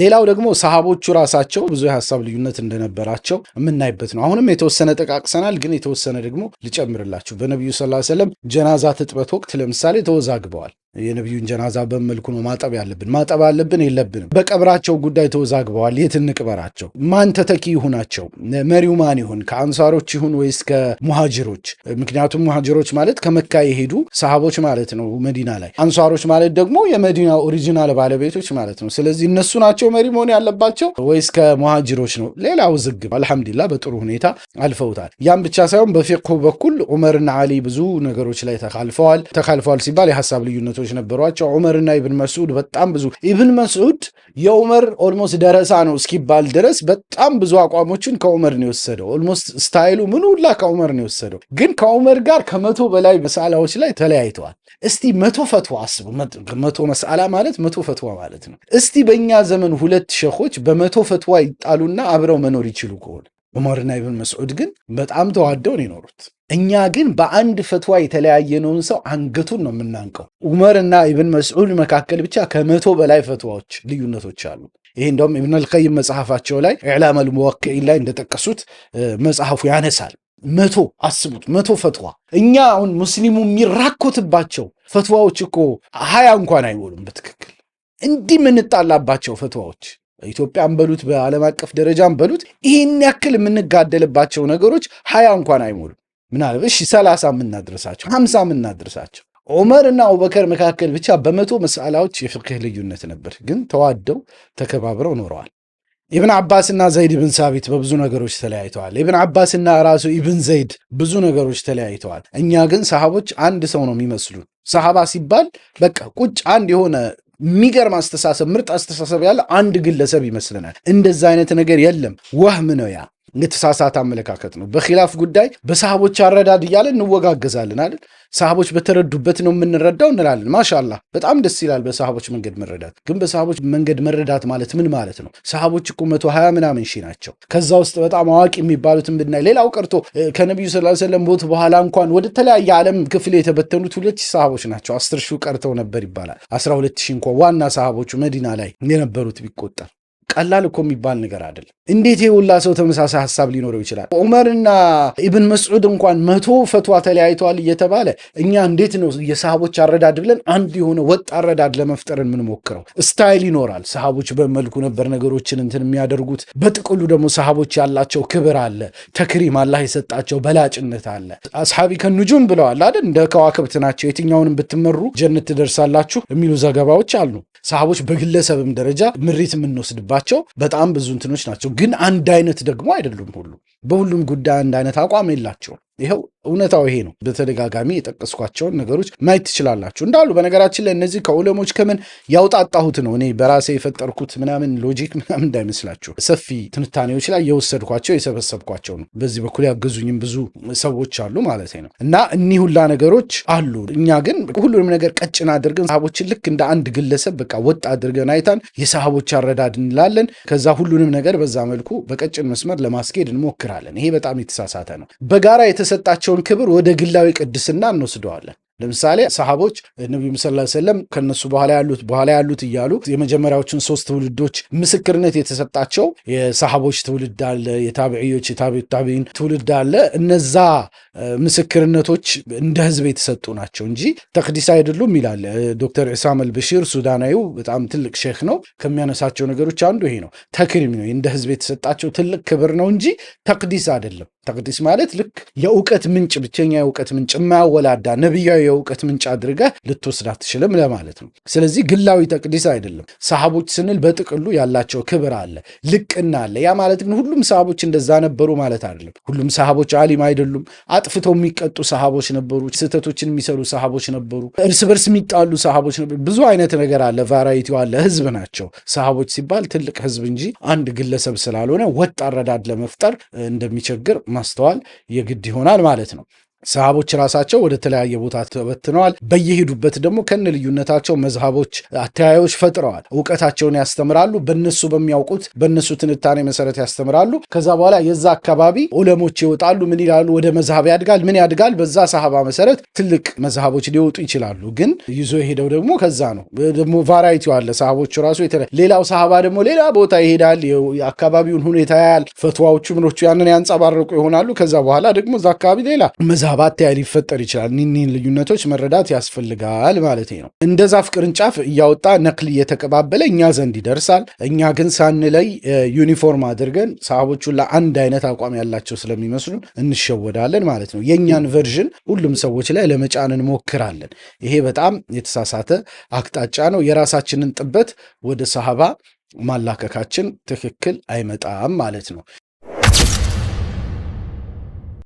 ሌላው ደግሞ ሰሃቦቹ ራሳቸው ብዙ የሀሳብ ልዩነት እንደነበራቸው የምናይበት ነው። አሁንም የተወሰነ ጠቃቅሰናል፣ ግን የተወሰነ ደግሞ ልጨምርላችሁ። በነቢዩ ስ ዐለይሂ ጀናዛ ትጥበት ወቅት ለምሳሌ ተወዛግበዋል። የነቢዩን ጀናዛ በመልኩ ነው ማጠብ ያለብን ማጠብ አለብን የለብንም። በቀብራቸው ጉዳይ ተወዛግበዋል። የት እንቅበራቸው? ማን ተተኪ ይሁናቸው? መሪው ማን ይሁን? ከአንሳሮች ይሁን ወይስ ከሙሃጅሮች? ምክንያቱም ሙሃጅሮች ማለት ከመካ የሄዱ ሰሃቦች ማለት ነው መዲና ላይ። አንሳሮች ማለት ደግሞ የመዲና ኦሪጂናል ባለቤቶች ማለት ነው። ስለዚህ እነሱ ናቸው መሪ መሆን ያለባቸው ወይስ ከሙሃጅሮች ነው? ሌላ ውዝግብ። አልሐምዱሊላ በጥሩ ሁኔታ አልፈውታል። ያም ብቻ ሳይሆን በፊቅሁ በኩል ዑመርና አሊ ብዙ ነገሮች ላይ ተካልፈዋል። ተካልፈዋል ሲባል የሀሳብ ልዩነቶች ሰዎች ነበሯቸው። ዑመርና ኢብን መስዑድ በጣም ብዙ ኢብን መስዑድ የዑመር ኦልሞስት ደረሳ ነው እስኪባል ድረስ በጣም ብዙ አቋሞችን ከዑመር ነው የወሰደው። ኦልሞስት ስታይሉ ምን ሁላ ከዑመር ነው የወሰደው። ግን ከዑመር ጋር ከመቶ በላይ መሳላዎች ላይ ተለያይተዋል። እስቲ መቶ ፈትዋ አስቡ። መቶ መሳላ ማለት መቶ ፈትዋ ማለት ነው። እስቲ በእኛ ዘመን ሁለት ሸኾች በመቶ ፈትዋ ይጣሉና አብረው መኖር ይችሉ ከሆነ ዑመርና ኢብን መስዑድ ግን በጣም ተዋደው ነው የኖሩት። እኛ ግን በአንድ ፈትዋ የተለያየነውን ሰው አንገቱን ነው የምናንቀው። ዑመርና ኢብን መስዑድ መካከል ብቻ ከመቶ በላይ ፈትዋዎች ልዩነቶች አሉ። ይህ እንደውም ኢብን አልቀይም መጽሐፋቸው ላይ ኢዕላም አልሙወቅዒን ላይ እንደጠቀሱት መጽሐፉ ያነሳል። መቶ አስቡት፣ መቶ ፈትዋ። እኛ አሁን ሙስሊሙ የሚራኮትባቸው ፈትዋዎች እኮ ሀያ እንኳን አይሞሉም። በትክክል እንዲህ የምንጣላባቸው ፈትዋዎች ኢትዮጵያን በሉት በዓለም አቀፍ ደረጃም በሉት ይህን ያክል የምንጋደልባቸው ነገሮች ሀያ እንኳን አይሞሉም። ምናልባት እሺ ሰላሳ የምናደርሳቸው ሀምሳ የምናድርሳቸው ዑመር እና አቡበከር መካከል ብቻ በመቶ መስአላዎች የፍቅህ ልዩነት ነበር፣ ግን ተዋደው ተከባብረው ኖረዋል። ኢብን አባስና ዘይድ ብን ሳቢት በብዙ ነገሮች ተለያይተዋል። ኢብን አባስና ራሱ ኢብን ዘይድ ብዙ ነገሮች ተለያይተዋል። እኛ ግን ሰሃቦች አንድ ሰው ነው የሚመስሉ። ሰሃባ ሲባል በቃ ቁጭ አንድ የሆነ የሚገርም አስተሳሰብ፣ ምርጥ አስተሳሰብ ያለ አንድ ግለሰብ ይመስለናል። እንደዛ አይነት ነገር የለም። ወህም ነው ያ የተሳሳተ አመለካከት ነው። በኪላፍ ጉዳይ በሰሃቦች አረዳድ እያለ እንወጋገዛለን አይደል? ሰሃቦች በተረዱበት ነው የምንረዳው እንላለን። ማሻላ በጣም ደስ ይላል በሰሃቦች መንገድ መረዳት። ግን በሰሃቦች መንገድ መረዳት ማለት ምን ማለት ነው? ሰሃቦች እኮ መቶ ሀያ ምናምን ሺ ናቸው። ከዛ ውስጥ በጣም አዋቂ የሚባሉትን ብናይ፣ ሌላው ቀርቶ ከነቢዩ ስላ ሰለም ሞት በኋላ እንኳን ወደ ተለያየ ዓለም ክፍል የተበተኑት ሁለት ሺህ ሰሃቦች ናቸው። አስር ሺህ ቀርተው ነበር ይባላል። አስራ ሁለት ሺህ እንኳን ዋና ሰሃቦቹ መዲና ላይ የነበሩት ቢቆጠር ቀላል እኮ የሚባል ነገር አይደለም። እንዴት የውላ ሰው ተመሳሳይ ሀሳብ ሊኖረው ይችላል? ዑመርና ኢብን መስዑድ እንኳን መቶ ፈትዋ ተለያይተዋል እየተባለ እኛ እንዴት ነው የሰሃቦች አረዳድ ብለን አንድ የሆነ ወጥ አረዳድ ለመፍጠር የምንሞክረው? ስታይል ይኖራል። ሰሃቦች በመልኩ ነበር ነገሮችን እንትን የሚያደርጉት። በጥቅሉ ደግሞ ሰሃቦች ያላቸው ክብር አለ፣ ተክሪም አላህ የሰጣቸው በላጭነት አለ። አስሓቢ ከንጁም ብለዋል አይደል? እንደ ከዋክብት ናቸው፣ የትኛውንም ብትመሩ ጀነት ትደርሳላችሁ የሚሉ ዘገባዎች አሉ። ሰሃቦች በግለሰብም ደረጃ ምሪት የምንወስድባ የምንጽፋቸው በጣም ብዙ እንትኖች ናቸው። ግን አንድ አይነት ደግሞ አይደሉም። ሁሉ በሁሉም ጉዳይ አንድ አይነት አቋም የላቸውም። ይኸው እውነታው ይሄ ነው። በተደጋጋሚ የጠቀስኳቸውን ነገሮች ማየት ትችላላችሁ እንዳሉ። በነገራችን ላይ እነዚህ ከዑለሞች ከምን ያውጣጣሁት ነው እኔ በራሴ የፈጠርኩት ምናምን ሎጂክ ምናምን እንዳይመስላችሁ፣ ሰፊ ትንታኔዎች ላይ የወሰድኳቸው የሰበሰብኳቸው ነው። በዚህ በኩል ያገዙኝም ብዙ ሰዎች አሉ ማለት ነው። እና እኒህ ሁላ ነገሮች አሉ። እኛ ግን ሁሉንም ነገር ቀጭን አድርገን ሰሃቦችን ልክ እንደ አንድ ግለሰብ በቃ ወጥ አድርገን አይታን የሰሃቦች አረዳድ እንላለን። ከዛ ሁሉንም ነገር በዛ መልኩ በቀጭን መስመር ለማስኬድ እንሞክራለን። ይሄ በጣም የተሳሳተ ነው። በጋራ የተሰጣቸውን ክብር ወደ ግላዊ ቅድስና እንወስደዋለን። ለምሳሌ ሰሃቦች ነቢዩ ስላ ሰለም ከነሱ በኋላ ያሉት በኋላ ያሉት እያሉ የመጀመሪያዎቹን ሶስት ትውልዶች ምስክርነት የተሰጣቸው የሰሃቦች ትውልድ አለ፣ የታብዕዮች የታቢን ትውልድ አለ። እነዛ ምስክርነቶች እንደ ህዝብ የተሰጡ ናቸው እንጂ ተቅዲስ አይደሉም ይላል ዶክተር ዕሳም አልበሺር ሱዳናዊው፣ በጣም ትልቅ ሼክ ነው። ከሚያነሳቸው ነገሮች አንዱ ይሄ ነው። ተክሪም ነው፣ እንደ ህዝብ የተሰጣቸው ትልቅ ክብር ነው እንጂ ተቅዲስ አይደለም። ተቅዲስ ማለት ልክ የእውቀት ምንጭ ብቸኛ የእውቀት ምንጭ የማያወላዳ ነቢያዊ የእውቀት ምንጭ አድርገ ልትወስድ አትችልም ለማለት ነው። ስለዚህ ግላዊ ተቅዲስ አይደለም። ሰሃቦች ስንል በጥቅሉ ያላቸው ክብር አለ፣ ልቅና አለ። ያ ማለት ግን ሁሉም ሰሃቦች እንደዛ ነበሩ ማለት አይደለም። ሁሉም ሰሃቦች አሊም አይደሉም። አጥፍተው የሚቀጡ ሰሃቦች ነበሩ፣ ስህተቶችን የሚሰሩ ሰሃቦች ነበሩ፣ እርስ በርስ የሚጣሉ ሰሃቦች ነበሩ። ብዙ አይነት ነገር አለ፣ ቫራይቲ አለ። ህዝብ ናቸው ሰሃቦች ሲባል ትልቅ ህዝብ እንጂ አንድ ግለሰብ ስላልሆነ ወጥ አረዳድ ለመፍጠር እንደሚቸግር ማስተዋል የግድ ይሆናል ማለት ነው። ሰሃቦች ራሳቸው ወደ ተለያየ ቦታ ተበትነዋል። በየሄዱበት ደግሞ ከነ ልዩነታቸው መዝሃቦች፣ አተያዮች ፈጥረዋል። እውቀታቸውን ያስተምራሉ። በነሱ በሚያውቁት በነሱ ትንታኔ መሰረት ያስተምራሉ። ከዛ በኋላ የዛ አካባቢ ዑለሞች ይወጣሉ። ምን ይላሉ? ወደ መዝሃብ ያድጋል። ምን ያድጋል? በዛ ሰሃባ መሰረት ትልቅ መዝሃቦች ሊወጡ ይችላሉ። ግን ይዞ የሄደው ደግሞ ከዛ ነው። ደግሞ ቫራይቲ አለ። ሰሃቦቹ ራሱ የተለያየ ሌላው ሰሃባ ደግሞ ሌላ ቦታ ይሄዳል። አካባቢውን ሁኔታ ያያል። ፈትዋዎቹ ምኖቹ ያንን ያንጸባረቁ ይሆናሉ። ከዛ በኋላ ደግሞ እዛ አካባቢ ሌላ ሰባት ያህል ሊፈጠር ይችላል። እኒህን ልዩነቶች መረዳት ያስፈልጋል ማለት ነው። እንደ ዛፍ ቅርንጫፍ እያወጣ ነክል እየተቀባበለ እኛ ዘንድ ይደርሳል። እኛ ግን ሳንለይ ዩኒፎርም አድርገን ሰሃቦቹ ለአንድ አይነት አቋም ያላቸው ስለሚመስሉ እንሸወዳለን ማለት ነው። የእኛን ቨርዥን ሁሉም ሰዎች ላይ ለመጫን እንሞክራለን። ይሄ በጣም የተሳሳተ አቅጣጫ ነው። የራሳችንን ጥበት ወደ ሰሃባ ማላከካችን ትክክል አይመጣም ማለት ነው።